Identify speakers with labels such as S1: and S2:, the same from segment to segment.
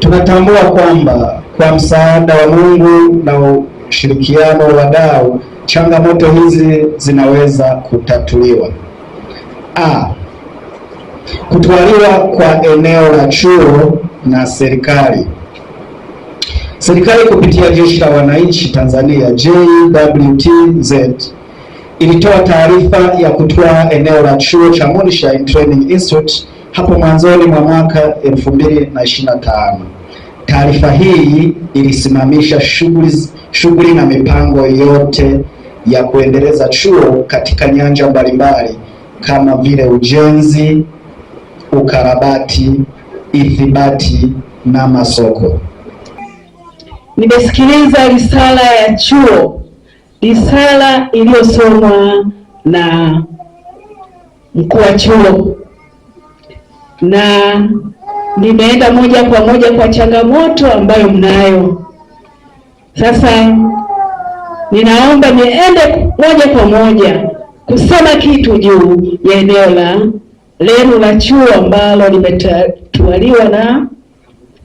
S1: Tunatambua kwamba kwa msaada wa Mungu na ushirikiano wa wadau, changamoto hizi zinaweza kutatuliwa. A, kutwaliwa kwa eneo la chuo na serikali. Serikali kupitia Jeshi la Wananchi Tanzania JWTZ ilitoa taarifa ya kutwaa eneo la chuo cha Moonshine Training Institute hapo mwanzoni mwa mwaka 2025. Taarifa hii ilisimamisha shughuli shughuli na mipango yote ya kuendeleza chuo katika nyanja mbalimbali kama vile ujenzi, ukarabati, ithibati na masoko.
S2: Nimesikiliza risala ya chuo, risala iliyosomwa na mkuu wa chuo na nimeenda moja kwa moja kwa changamoto ambayo mnayo sasa. Ninaomba niende moja kwa moja kusema kitu juu ya eneo la lenu la chuo ambalo limetwaliwa na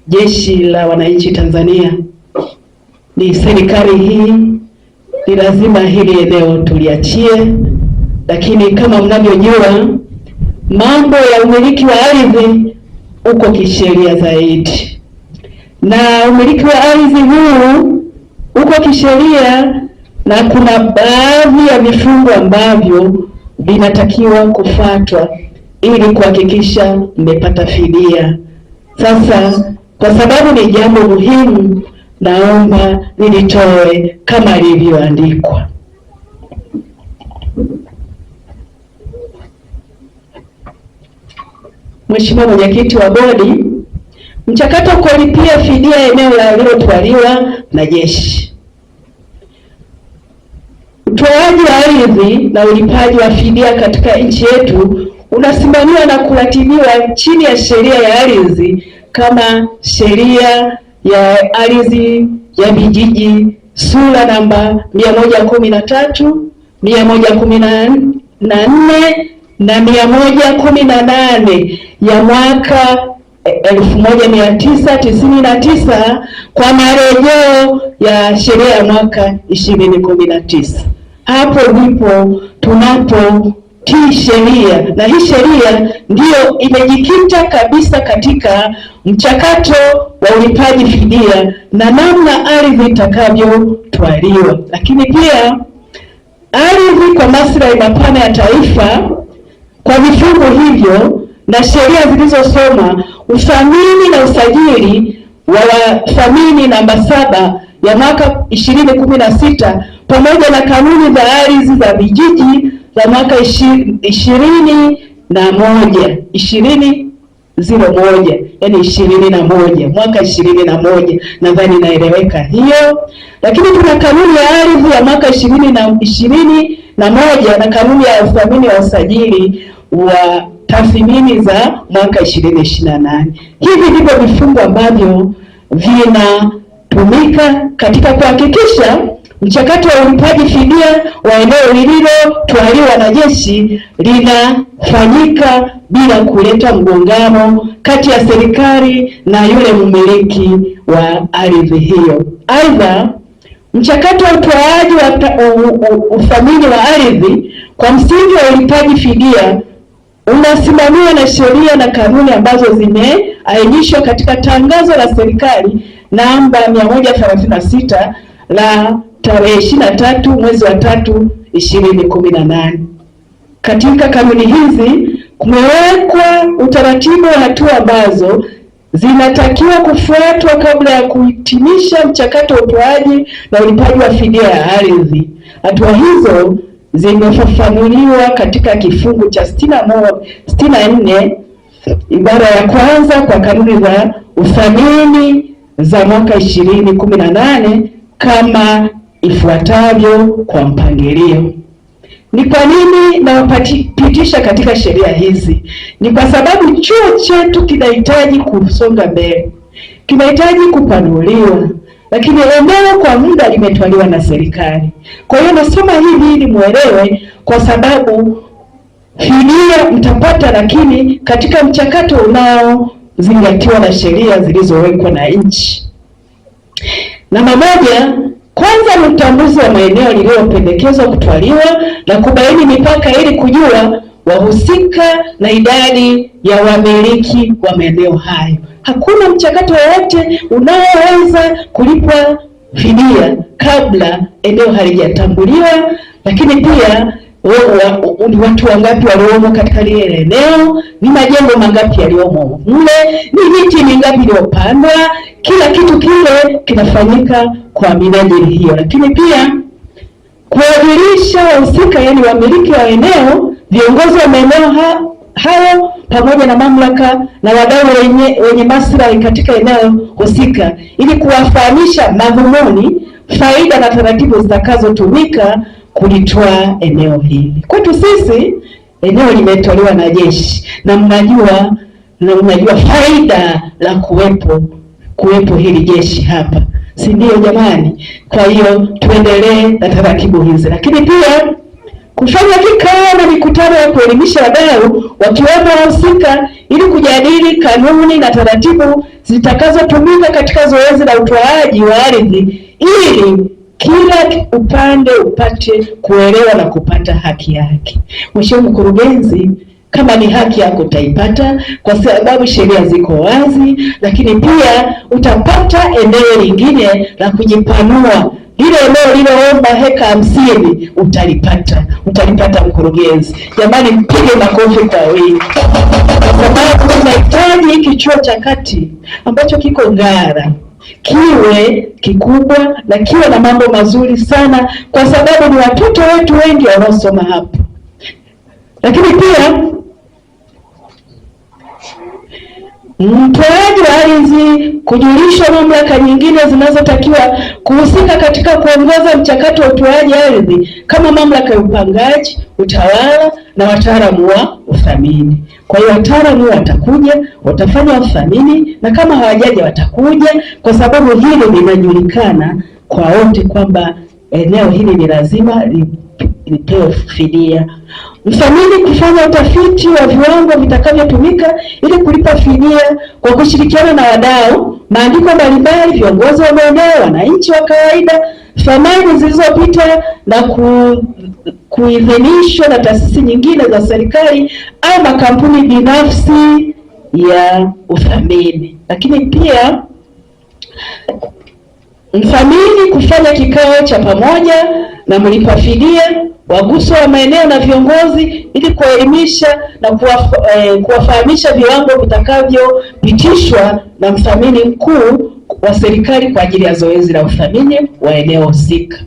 S2: Jeshi la Wananchi Tanzania. Ni serikali hii, ni lazima hili eneo tuliachie, lakini kama mnavyojua mambo ya umiliki wa ardhi uko kisheria zaidi, na umiliki wa ardhi huu uko kisheria, na kuna baadhi ya vifungu ambavyo vinatakiwa kufuatwa ili kuhakikisha mmepata fidia. Sasa kwa sababu ni jambo muhimu, naomba nilitoe kama lilivyoandikwa. Mheshimiwa mwenyekiti wa bodi, mchakato wa kulipia fidia eneo lililotwaliwa na jeshi, utoaji wa ardhi na ulipaji wa fidia katika nchi yetu unasimamiwa na kuratibiwa chini ya sheria ya ardhi kama sheria ya ardhi ya vijiji sura namba mia moja kumi na tatu mia moja kumi na nne na mia moja kumi na nane ya mwaka eh, elfu moja mia tisa tisini na tisa kwa marejeo ya sheria ya mwaka ishirini kumi na tisa. Hapo ndipo tunapotii sheria, na hii sheria ndiyo imejikita kabisa katika mchakato wa ulipaji fidia na namna ardhi itakavyotwaliwa, lakini pia ardhi kwa maslahi mapana ya taifa kwa vifungu hivyo na sheria zilizosoma, uthamini na usajili wa wathamini namba saba ya mwaka ishirini kumi na sita pamoja na kanuni za ardhi za vijiji za mwaka ishirini na moja ishirini moja yani ishirini na moja mwaka ishirini na moja nadhani inaeleweka hiyo. Lakini tuna kanuni ya ardhi ya mwaka ishirini na moja na kanuni ya uthamini wa usajili wa tathmini za mwaka 2028. Hivi ndivyo vifungu ambavyo vinatumika katika kuhakikisha mchakato wa ulipaji fidia wa eneo lililotwaliwa na jeshi linafanyika bila kuleta mgongano kati ya serikali na yule mmiliki wa ardhi hiyo. Aidha, mchakato wa utoaji wa ufamili wa ardhi kwa msingi wa ulipaji fidia unasimamiwa na sheria na kanuni ambazo zimeainishwa katika tangazo la serikali namba 136 la tarehe 23 mwezi wa tatu 2018. Katika kanuni hizi kumewekwa utaratibu wa hatua ambazo zinatakiwa kufuatwa kabla ya kuhitimisha mchakato wa utoaji na ulipaji wa fidia ya ardhi. Hatua hizo zimefafanuliwa katika kifungu cha sitini na nne ibara ya kwanza kwa kanuni za uthamini za mwaka ishirini kumi na nane kama ifuatavyo kwa mpangilio. Ni kwa nini nawapitisha katika sheria hizi? Ni kwa sababu chuo chetu kinahitaji kusonga mbele, kinahitaji kupanuliwa lakini eneo kwa muda limetwaliwa na serikali. Kwa hiyo nasema hivi ili muelewe, kwa sababu fidia mtapata, lakini katika mchakato unaozingatiwa na sheria zilizowekwa na nchi. Namba moja, kwanza ni utambuzi wa maeneo lililopendekezwa kutwaliwa na kubaini mipaka ili kujua wahusika na idadi ya wamiliki wa maeneo hayo. Hakuna mchakato wowote unaoweza kulipwa fidia kabla eneo halijatambuliwa, lakini pia ni watu wangapi waliomo katika lile eneo, ni majengo mangapi yaliomo mle, ni miti mingapi iliyopandwa. Kila kitu kile kinafanyika kwa minajili hiyo, lakini pia kuwajulisha wahusika, yaani wamiliki wa eneo Viongozi wa maeneo hayo pamoja na mamlaka na wadau wenye, wenye maslahi katika eneo husika ili kuwafahamisha madhumuni, faida na taratibu zitakazotumika kulitoa eneo hili. Kwetu sisi eneo limetolewa na jeshi na mnajua na mnajua faida la kuwepo kuwepo hili jeshi hapa, si ndio jamani? Kwa hiyo tuendelee na taratibu hizi, lakini pia kufanya kikao na mikutano ya kuelimisha wadau wakiwemo wahusika ili kujadili kanuni na taratibu zitakazotumika katika zoezi la utoaji wa ardhi ili kila upande upate kuelewa na kupata haki yake. Mheshimiwa Mkurugenzi, kama ni haki yako utaipata kwa sababu sheria ziko wazi, lakini pia utapata eneo lingine la kujipanua hilo eneo liloomba heka hamsini utalipata, utalipata mkurugenzi. Jamani, mpige makofi kwa wingi, sababu tunahitaji hiki chuo cha kati ambacho kiko Ngara kiwe kikubwa na kiwe na mambo mazuri sana, kwa sababu ni watoto wetu wengi wanaosoma hapa, lakini pia mtoaji wa ardhi kujulishwa mamlaka nyingine zinazotakiwa kuhusika katika kuongoza mchakato wa utoaji ardhi kama mamlaka ya upangaji, utawala na wataalamu wa uthamini. Kwa hiyo wataalamu watakuja, watafanya uthamini, na kama hawajaja watakuja, kwa sababu hilo linajulikana kwa wote kwamba eneo hili ni lazima lipewe fidia. Msamili kufanya utafiti wa viwango vitakavyotumika ili kulipa fidia kwa kushirikiana na wadau, maandiko mbalimbali, viongozi wa maeneo, wananchi wa kawaida, thamani zilizopita na ku, kuidhinishwa na taasisi nyingine za serikali au makampuni binafsi ya uthamini, lakini pia mthamini kufanya kikao cha pamoja na mlipa fidia, waguso wa maeneo na viongozi ili kuwaelimisha na eh, kuwafahamisha viwango vitakavyopitishwa na mthamini mkuu wa serikali kwa ajili ya zoezi la uthamini wa eneo husika.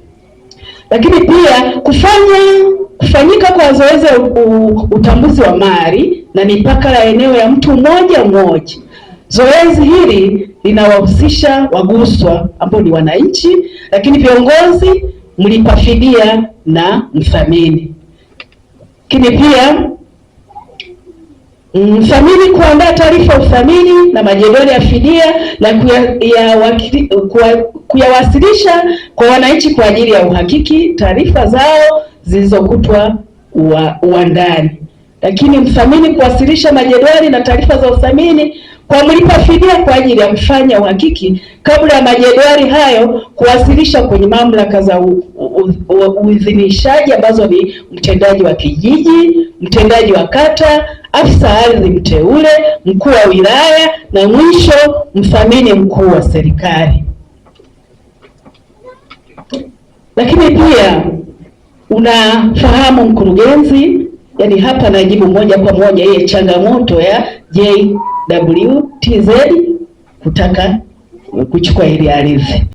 S2: Lakini pia kufanya kufanyika kwa zoezi la utambuzi wa mali na mipaka ya eneo ya mtu mmoja mmoja Zoezi hili linawahusisha waguswa ambao ni wananchi, lakini viongozi, mlipa fidia na mthamini. Lakini pia mthamini kuandaa taarifa ya uthamini na majedwali ya fidia na kuyawasilisha kwa wananchi kwa ajili ya uhakiki taarifa zao zilizokutwa uwandani. Lakini mthamini kuwasilisha majedwali na taarifa za uthamini kwa mlipa fidia kwa ajili ya mfanya uhakiki kabla ya majedwali hayo kuwasilisha kwenye mamlaka za uidhinishaji ambazo ni mtendaji wa kijiji, mtendaji wa kata, afisa ardhi mteule, mkuu wa wilaya na mwisho mthamini mkuu wa serikali. Lakini pia unafahamu mkurugenzi, yani hapa najibu moja kwa moja ile changamoto ya J WTZ kutaka kuchukua ile ardhi.